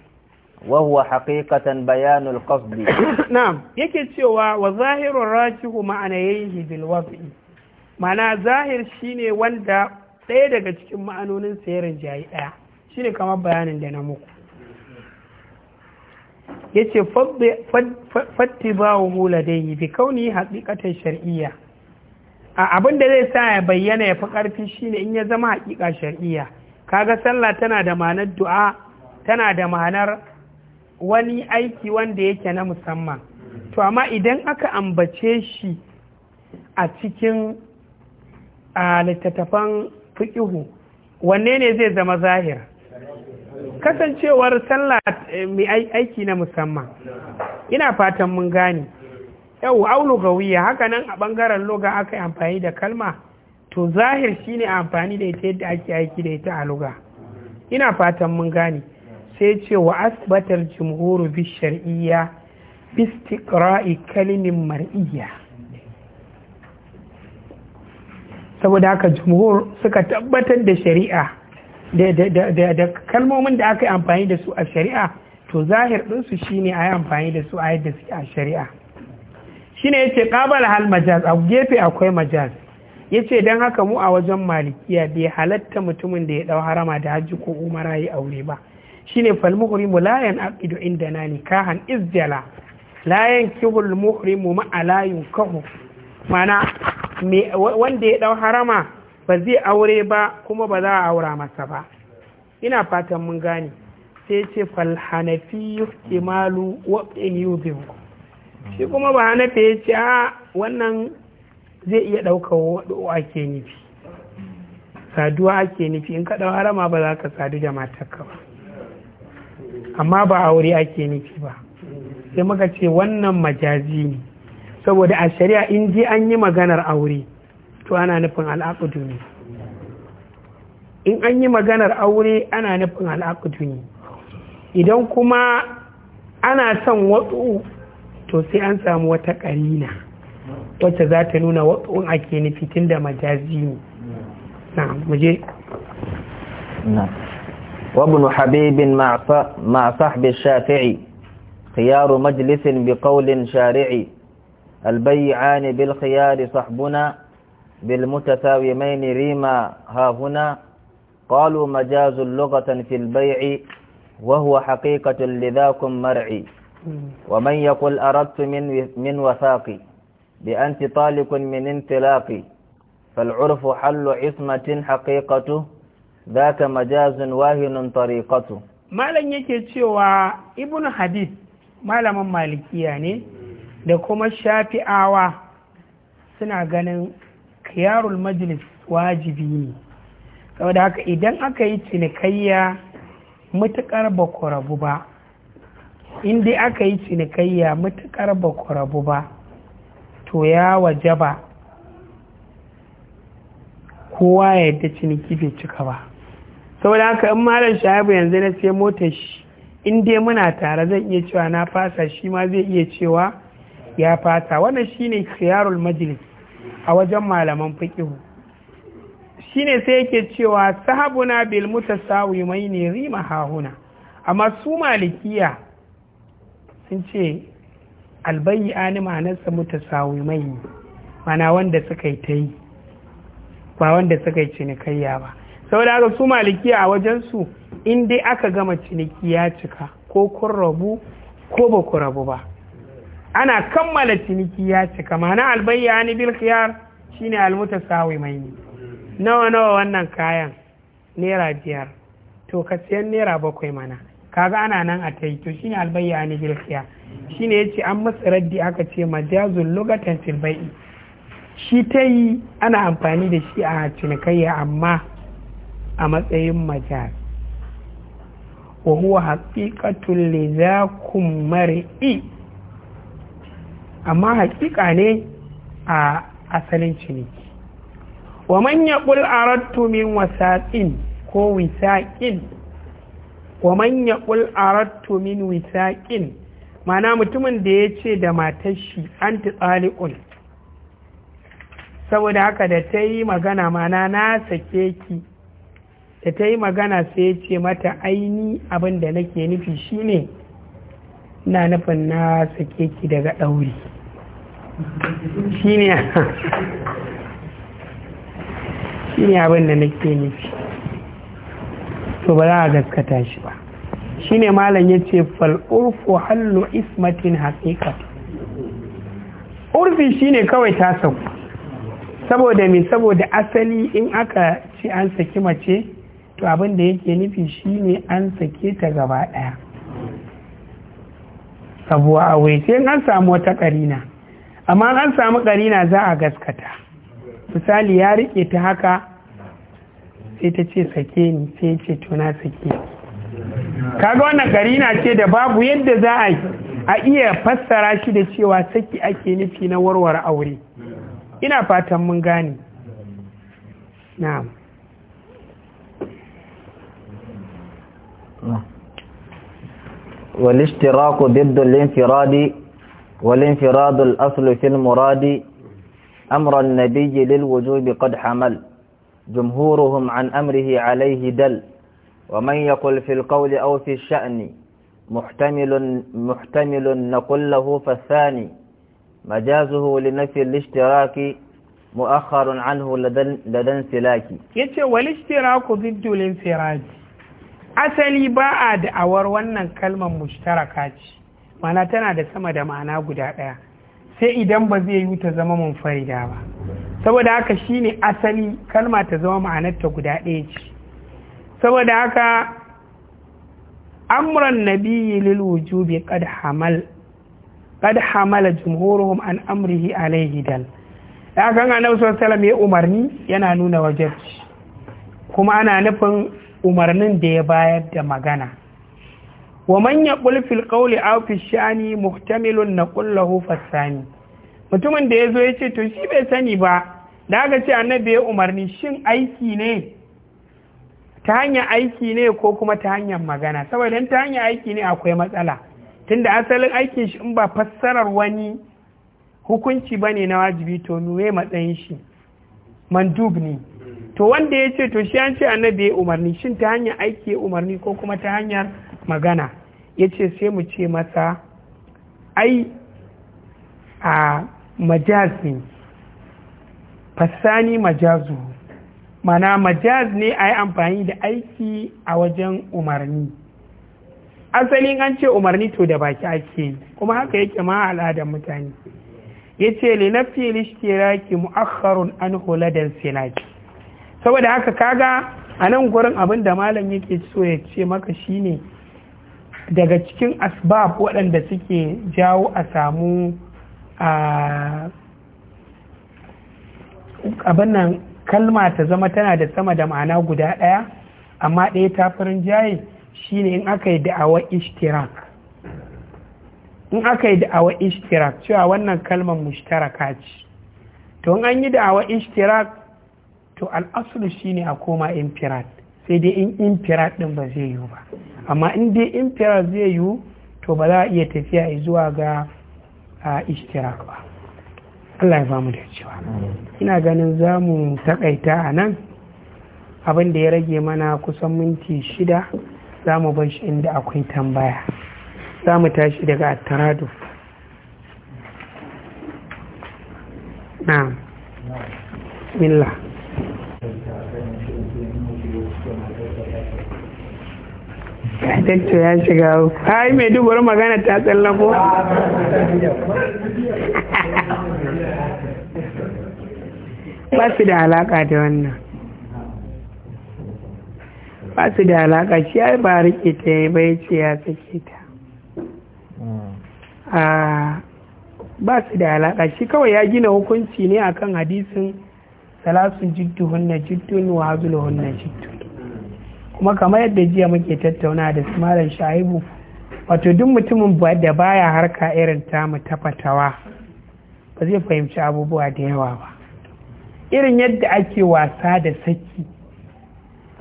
وهو حقيقة بيان القصد نعم يكي وظاهر الراجح معنيه بالوضع معنى ظاهر شيني وندا سيدك تشم معنون سير جاي شيني كما بيان لنا مكو ya ce fatti ba wa hula dai bi kauni haƙiƙatar shari'iyya a abin da zai sa ya bayyana ya fi ƙarfi shine in ya zama haƙiƙa shari'iyya kaga sallah tana da ma'anar du'a tana da ma'anar wani aiki wanda yake na musamman to amma idan aka ambace shi a cikin a littattafan fiƙihu wanne ne zai zama zahir kasancewar sallah eh, mai aiki na musamman ina fatan mun gane yau aulu gawiya haka nan a bangaren loga aka yi amfani da kalma to zahir shine amfani da ita yadda ake aiki da ita a loga ina fatan mun gane sai ce wa asbatar jimhuru bi shar'iyya bi istiqra'i kalimin mar'iyya saboda haka jumhur suka tabbatar da shari'a da kalmomin da aka yi amfani da su a shari'a to zahir ɗinsu shi ne a yi amfani da su a yadda suke a shari'a shi ne ya ce ƙabar hal majaz a gefe akwai majaz ya ce don haka mu a wajen malikiya bai halatta mutumin da ya ɗau harama da hajji ko umara yi aure ba shi ne falmuhuri mu layan abido inda na ni kahan izjala layan kihul mu ma'ala kahu mana wanda ya ɗau harama ba zai aure ba kuma ba za a aura masa ba ina fatan mun gane sai ce falhanafi imalu wa in shi kuma ba hanafi ya ce a wannan zai iya ɗaukar waɗo ake nufi saduwa ake nufi in ka ɗau ba za ka sadu da ka ba amma ba aure ake nufi ba sai muka ce wannan majazi ne saboda a shari'a in je an yi maganar aure to ana nufin ne in an yi maganar aure ana nufin al'akudu ne idan kuma ana son watsu to sai an samu wata ƙarina wacce za ta nuna watsu'un ake nufi tun da majazi ne na muje وابن حبيب مع مع صحب الشافعي خيار مجلس بقول شارعي البيعان بالخيار صحبنا بالمتساومين ريما ها هنا قالوا مجاز لغة في البيع وهو حقيقة لذاكم مرعي ومن يقل أردت من, من وثاقي بأنت طالق من انطلاقي فالعرف حل عصمة حقيقته ذاك مجاز واهن طريقته ما لن cewa ابن حديث ما لم ne da kuma shafi'awa suna ganin khiyarul majlis wajibi ne saboda haka idan aka yi cinikayya matuƙar ba ku rabu ba in aka yi cinikayya matuƙar ba ku rabu ba to ya wajaba kowa ya yadda ciniki bai cika ba saboda haka in malam shahabu yanzu na sai mota shi in dai muna tare zan iya cewa na fasa shi ma zai iya cewa ya fasa wannan shine khiyarul majlis a wajen malaman fiƙihu shine sai yake cewa sahabuna bil mutasawi mai ne rima hahuna amma su malikiya sun ce albayi ani ma'anarsa mutasawi mai ne mana wanda suka yi ta ba wanda suka yi cinikayya ba saboda haka su malikiya a wajensu in dai aka gama ciniki ya cika ko kun rabu ko ba ku rabu ba ana kammala ciniki ya cika mana albayyani bil khiyar shine sawi mai nawa nawa wannan kayan naira biyar to ka siyan naira bakwai mana kaga ana nan a tai to shine albayyani bil khiyar shine yace an masa raddi aka ce majazul lugatan fil bai'i shi ta yi ana amfani da shi a cinikayya amma a matsayin majaz wa huwa haqiqatul lizakum mar'i amma haƙiƙa ne a asalin ciniki wa ƙul a aradtu min wasaƙin ko wisaƙin? wa ƙul a aradtu min wisaƙin? mana mutumin da ya ce da matar shi an tsali'ul saboda haka da ta yi magana mana na sake ki da ta yi magana sai ya ce mata aini abin da nake nufi shine ina nufin na sake ki daga ɗauri shi ne abin da nake nufi to ba za a gaskata shi ba shi ne malam ya ce fal'urfu hallu ismatin haƙiƙa urfi shi ne kawai ta sau saboda me saboda asali in aka ce an saki mace to abin da yake nufi shi ne an sake ta gaba ɗaya sabuwa a wai sai an samu wata karina amma an samu karina za a gaskata misali ya rike ta haka sai ta ce sake ni sai ce to sake kaga wannan karina ce da babu yadda za a a iya fassara shi da cewa saki ake nufi na warware aure ina fatan mun gane na'am والاشتراك ضد الانفراد والانفراد الأصل في المراد أمر النبي للوجوب قد حمل جمهورهم عن أمره عليه دل ومن يقل في القول أو في الشأن محتمل, محتمل نقول له فالثاني مجازه لنفي الاشتراك مؤخر عنه لدى, لدى انسلاك يتوى الاشتراك ضد الانفراد asali ba a da'awar wannan kalmar mushtaraka ce mana tana da sama da ma'ana guda ɗaya sai idan ba zai yi ta zama mun farida ba saboda haka shine asali kalma ta zama ma'anar ta guda ɗaya ce saboda haka amran nabiyyi lil wujubi qad hamal qad hamala jumhuruhum an amrihi alayhi dal da kan annabi sallallahu alaihi wasallam ya umarni yana nuna wajibi kuma ana nufin umarnin da ya bayar da magana wa manya ƙulfil ƙauli a aw shani muhtamilun na lahu fasani mutumin da ya zo ya ce to shi bai sani ba da aka ce annabi ya umarni shin aiki ne ta hanyar aiki ne ko kuma ta hanyar magana saboda ta hanyar aiki ne akwai matsala tunda asalin aikin shi in ba fassarar wani hukunci ba ne na wajibi to nuwe matsayin shi mandub ne to wanda ya ce to shi an ce annabi ya umarni shin ta hanyar aiki ya umarni ko kuma ta hanyar magana ya ce sai mu ce masa ai a majaz ne fassani majazu mana majaz ne a yi amfani da aiki a wajen umarni asalin an ce umarni to da baki ake kuma haka yake ma al'adar mutane ya ce linafi lishtiraki mu'akharun an hula dan sinaki saboda haka kaga a nan gurin abin da malam yake so ya ce maka shine daga cikin asbab waɗanda suke jawo a samu abin nan kalma ta zama tana da sama da ma'ana guda ɗaya amma ɗaya ta farin jaye shine in aka yi da'awar ishtirak in aka yi da'awar ishtirak cewa wannan kalmar mushtaraka ce to in an yi da'awar ishtirak to al'asulu ne a koma infirat sai dai in infirat din ba zai yiwu ba amma in dai infirat zai yiwu to ba za a iya tafiya zuwa ga ishtirak ba Allah ya bamu da cewa ina ganin za mu taƙaita a nan abin da ya rage mana kusan minti shida za mu bar shi inda akwai tambaya za mu tashi daga taradu na bismillah dakto ya shiga hau mai dubura magana ta tsallako ba su da alaka da wannan ba su da alaka shi ya ba rike ta ya bai ce ya sake ta hmm. ah, ba su da alaka shi kawai ya gina hukunci ne akan hadisin salasun jiddu hunna jiddun wa hazulu hunna jiddun kuma kamar yadda jiya muke tattauna da malam shaibu wato duk mutumin da baya harka irin ta mu ta fatawa ba zai fahimci abubuwa da yawa ba irin yadda ake wasa da saki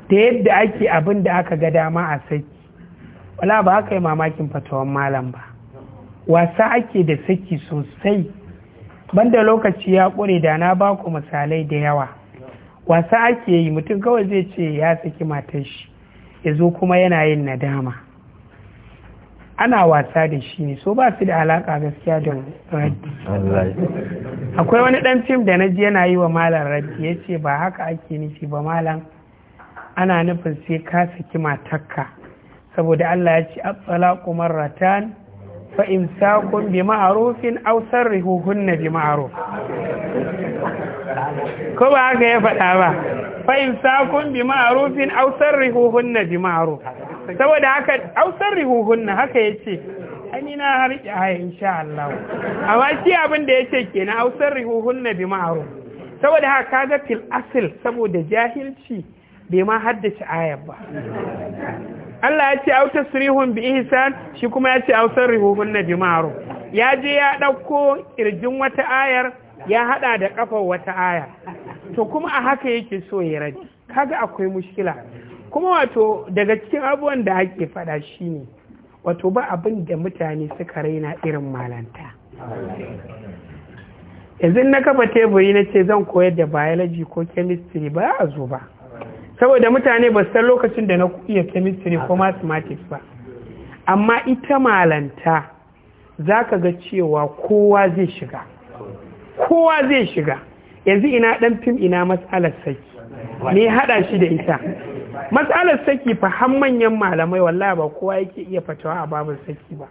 da yadda ake abin da aka ga dama a saki wala ba haka yi mamakin fatawan malam ba wasa ake da saki sosai banda lokaci ya ƙure da na baku misalai da yawa wasa ake yi mutum kawai zai ce ya saki matar shi ya zo kuma yana yin nadama ana wasa da shi ne so ba su da alaka gaskiya da raddi akwai wani dan fim da na ji yana yi wa malam raddi ya ce ba haka ake nufi ba malam ana nufin sai ka saki matakka saboda Allah ya ce at kumar ratan fa kun bi ma'rufin aw na bi ma'aruf ko ba haka ya faɗa ba fa’in sakun bi Ausar aw na bi ma'ruf saboda haka aw na haka yace ani na har in insha Allah amma shi abin da yace kenan Ausar sarrihuhunna bi ma’aruf saboda haka ga fil asil saboda jahilci bai ma haddace ayar ba Allah ya ce auta surihun bi ihsan shi kuma ya ce ausar rihuhun na bi ma’aruf ya je ya ɗauko ƙirjin wata ayar ya haɗa da ƙafar wata aya to kuma a haka yake so ya rage kaga akwai mushkila kuma wato daga cikin abubuwan da ake faɗa ne wato ba abin da mutane suka raina irin malanta yanzu na kafa teburi na ce zan koyar da biology ko chemistry ba a zo ba saboda mutane ba san lokacin da na iya chemistry ko mathematics ba amma ita malanta za ka ga cewa kowa zai shiga kowa zai shiga yanzu ina dan fim ina matsalar saki ne haɗa shi da ita matsalar saki fa har manyan malamai wallahi ba kowa yake iya fatawa a babin saki ba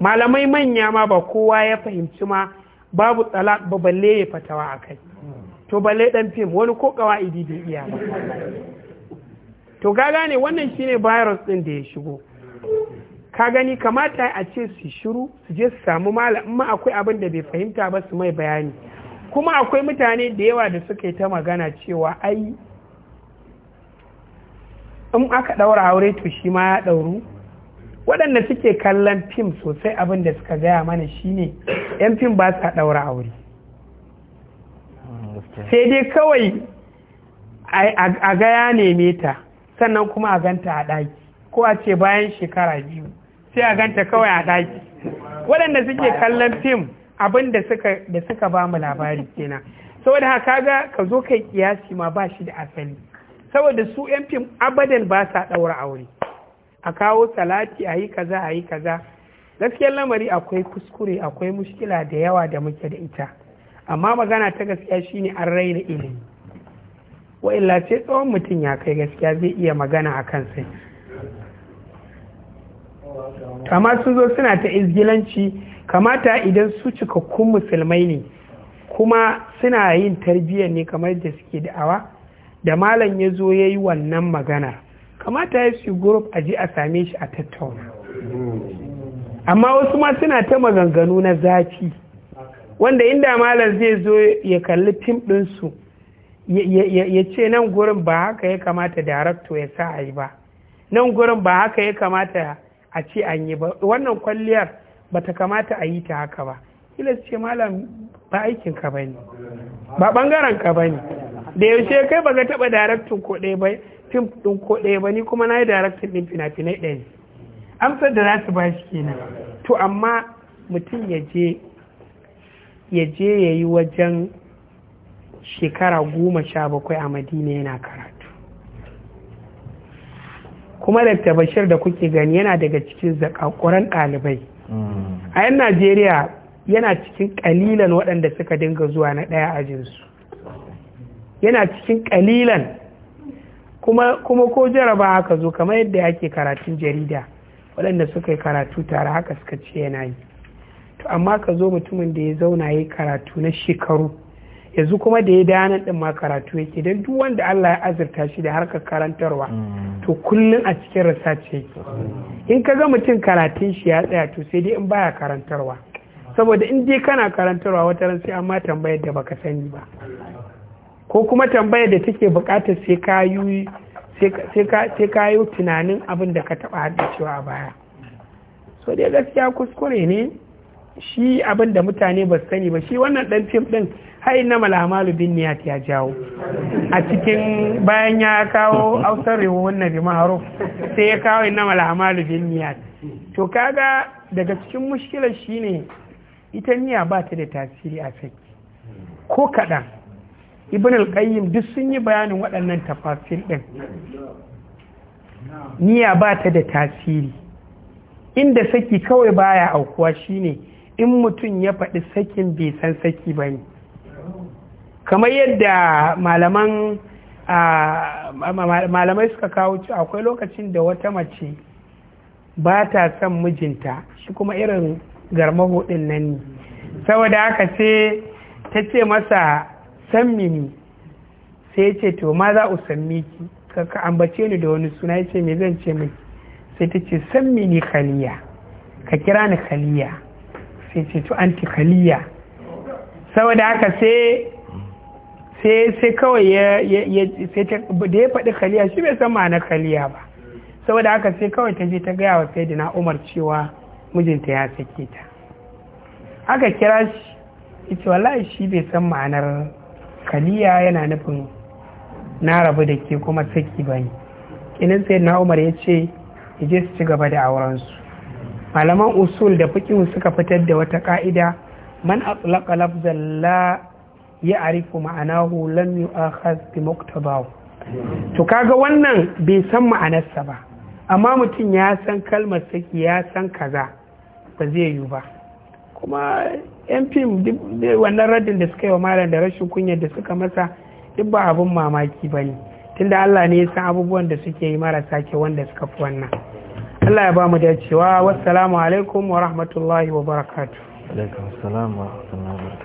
malamai manya ma ba kowa ya fahimci ma babu tsala ba balle ya fatawa a kai to balle dan fim wani ko kawa idi bai iya ba to ga gane wannan shine virus din da ya shigo ka gani kamata a ce su shiru su je su samu malam amma akwai abin da bai fahimta ba su mai bayani kuma akwai mutane da yawa da suka yi ta magana cewa ai in aka ɗaura aure to shi ma ya ɗauru waɗanda suke kallon fim sosai abin da suka gaya mana shine 'yan fim ba sa ɗaura aure sai dai kawai a gaya neme ta sannan kuma a ganta a ɗaki ko a ce bayan shekara biyu sai a ganta kawai a ɗaki waɗanda suke kallon fim abin da suka ba mu labari kenan saboda haka ga ka zo kai kiyasi ma ba shi da asali saboda su yan fim abadan ba sa daura aure a kawo salati a yi kaza a yi kaza gaskiyar lamari akwai kuskure akwai mushkila da yawa da muke da ita amma magana ta gaskiya shine an raina ilimi wa illa sai tsawon mutum ya kai gaskiya zai iya magana a kan sai? amma sun zo suna ta izgilanci kamata idan su cikakkun musulmai ne kuma suna yin tarbiyyar ne kamar da suke da'awa da malam ya zo ya yi wannan magana kamata ya su group a ji a same shi a tattauna amma wasu ma suna ta maganganu na zafi wanda inda malam zai zo ya kalli tim ɗinsu ya ce nan gurin ba haka ya kamata darakto ya sa a ba nan gurin ba haka ya kamata a ce an yi ba wannan kwalliyar bata kamata a yi ta haka ba kila su ce malam ba aikin ka ne, ba bangaren ka ba ne. da yaushe kai ga taba daraktin ko ɗaya ba fim ɗin ko ɗaya ba ni kuma na yi daraktin ɗin fina-finai ɗaya ne amsar da za su ba shi kenan to amma mutum ya je ya yi wajen shekara goma sha bakwai a madina yana karatu kuma da tabashir da kuke gani yana daga cikin zakakuran ɗalibai a yan najeriya yana cikin kalilan waɗanda suka dinga zuwa na ɗaya a jinsu yana cikin kalilan kuma, ko jaraba haka zo kamar yadda yake karatun jarida waɗanda suka yi karatu tare haka suka ce yana yi to amma ka zo mutumin da ya zauna ya karatu na shekaru yanzu kuma da ya dana ɗin ma karatu yake don duk wanda Allah ya azurta shi da harkar karantarwa mm. to kullum a cikin rasa ce in ka ga mutum karatun shi ya tsaya to sai dai in baya karantarwa saboda in dai kana karantarwa wata ran sai amma tambayar da baka sani ba ko kuma tambayar da take bukatar sai ka yi tunanin abin da ka taba cewa a baya so dai gaskiya kuskure ne shi abin da mutane ba sani ba shi wannan ɗan fim ɗin har na malamalu bin niyat ya jawo a cikin bayan ya kawo ausar rewon na maharuf sai ya kawo inna malamalu bin niyat to kaga daga cikin mushkilar shi ne ita niyya ba ta da tasiri a sai ko kaɗan ibn al duk sun yi bayanin waɗannan tafafin ɗin niyya ba ta da tasiri inda saki kawai baya aukuwa shine in mutum ya faɗi sakin bai san saki ba ne kamar yadda malaman malamai suka kawo akwai lokacin da wata mace ba ta son mijinta shi kuma irin garmaho din nan ne saboda haka ce ta ce masa san mini sai ce to ma za u san ka ambace ni da wani suna ya ce me zan ce mai sai ta ce san mini khaliya ka kira ni khaliya sai ce to anti khaliya saboda haka sai sai kawai ya da ya faɗi kaliya shi bai san ma'anar kaliya ba saboda haka sai kawai ta je ta gaya wa na Umar cewa mijinta ya sake ta aka kira shi ita wallahi shi bai san ma'anar kaliya yana nufin na rabu da ke kuma saki bane sai na Umar ya ce ya je su ci gaba da auren malaman usul da fikin suka fitar da wata ka'ida man atlaqa lafzan la ya arifu لم يؤخذ yu'akhaz bi muktabahu to kaga wannan bai san ma'anarsa ba amma mutum ya san kalmar saki ya san kaza ba zai yiwu ba kuma yan fim wannan radin da suka yi wa malam da rashin kunya da suka masa duk ba abin mamaki ba ne tunda Allah ne ya san abubuwan da suke yi marasa ke wanda suka fi wannan Allah ya ba mu dacewa wassalamu alaikum wa rahmatullahi alaikum wa rahmatullahi wa barakatuh